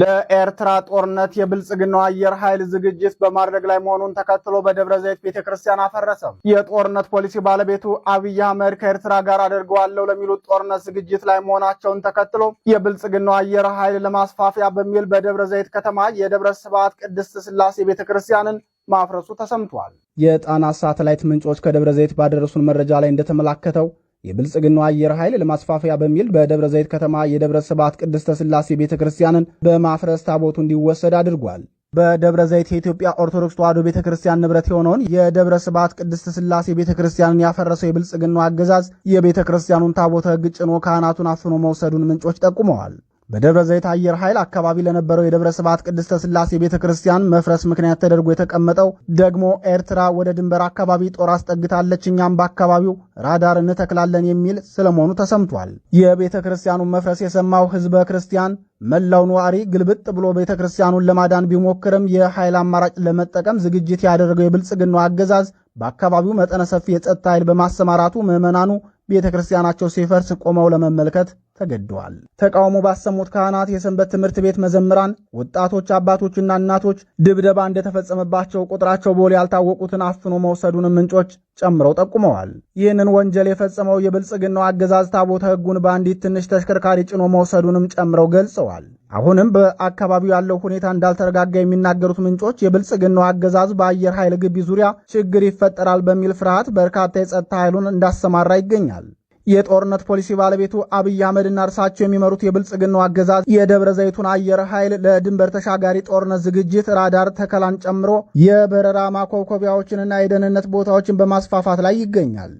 ለኤርትራ ጦርነት የብልጽግናው አየር ኃይል ዝግጅት በማድረግ ላይ መሆኑን ተከትሎ በደብረ ዘይት ቤተ ክርስቲያን አፈረሰም። የጦርነት ፖሊሲ ባለቤቱ አብይ አህመድ ከኤርትራ ጋር አድርገዋለሁ ለሚሉት ጦርነት ዝግጅት ላይ መሆናቸውን ተከትሎ የብልጽግናው አየር ኃይል ለማስፋፊያ በሚል በደብረ ዘይት ከተማ የደብረ ስብዓት ቅድስት ስላሴ ቤተ ክርስቲያንን ማፍረሱ ተሰምቷል። የጣና ሳተላይት ምንጮች ከደብረ ዘይት ባደረሱን መረጃ ላይ እንደተመላከተው የብልጽግናው አየር ኃይል ለማስፋፊያ በሚል በደብረ ዘይት ከተማ የደብረ ስብዓት ቅድስተ ሥላሴ ቤተ ክርስቲያንን በማፍረስ ታቦቱ እንዲወሰድ አድርጓል። በደብረ ዘይት የኢትዮጵያ ኦርቶዶክስ ተዋሕዶ ቤተ ክርስቲያን ንብረት የሆነውን የደብረ ስብዓት ቅድስተ ሥላሴ ቤተ ክርስቲያንን ያፈረሰው የብልጽግናው አገዛዝ የቤተ ክርስቲያኑን ታቦተ ሕግ ጭኖ ካህናቱን አፍኖ መውሰዱን ምንጮች ጠቁመዋል። በደብረ ዘይት አየር ኃይል አካባቢ ለነበረው የደብረ ስብዓት ቅድስተ ስላሴ ቤተ ክርስቲያን መፍረስ ምክንያት ተደርጎ የተቀመጠው ደግሞ ኤርትራ ወደ ድንበር አካባቢ ጦር አስጠግታለች፣ እኛም በአካባቢው ራዳር እንተክላለን የሚል ስለመሆኑ ተሰምቷል። የቤተ ክርስቲያኑን መፍረስ የሰማው ህዝበ ክርስቲያን መላው ነዋሪ ግልብጥ ብሎ ቤተ ክርስቲያኑን ለማዳን ቢሞክርም የኃይል አማራጭ ለመጠቀም ዝግጅት ያደረገው የብልጽግናው አገዛዝ በአካባቢው መጠነ ሰፊ የጸጥታ ኃይል በማሰማራቱ ምዕመናኑ ቤተ ክርስቲያናቸው ሲፈርስ ቆመው ለመመልከት ተገደዋል። ተቃውሞ ባሰሙት ካህናት፣ የሰንበት ትምህርት ቤት መዘምራን፣ ወጣቶች፣ አባቶችና እናቶች ድብደባ እንደተፈጸመባቸው ቁጥራቸው በውል ያልታወቁትን አፍኖ መውሰዱንም ምንጮች ጨምረው ጠቁመዋል። ይህንን ወንጀል የፈጸመው የብልጽግናው አገዛዝ ታቦተ ሕጉን በአንዲት ትንሽ ተሽከርካሪ ጭኖ መውሰዱንም ጨምረው ገልጸዋል። አሁንም በአካባቢው ያለው ሁኔታ እንዳልተረጋጋ የሚናገሩት ምንጮች የብልጽግናው አገዛዝ በአየር ኃይል ግቢ ዙሪያ ችግር ይፈጠራል በሚል ፍርሃት በርካታ የጸጥታ ኃይሉን እንዳሰማራ ይገኛል። የጦርነት ፖሊሲ ባለቤቱ አብይ አህመድና እርሳቸው የሚመሩት የብልጽግናው አገዛዝ የደብረ ዘይቱን አየር ኃይል ለድንበር ተሻጋሪ ጦርነት ዝግጅት ራዳር ተከላን ጨምሮ የበረራ ማኮብኮቢያዎችንና የደህንነት ቦታዎችን በማስፋፋት ላይ ይገኛል።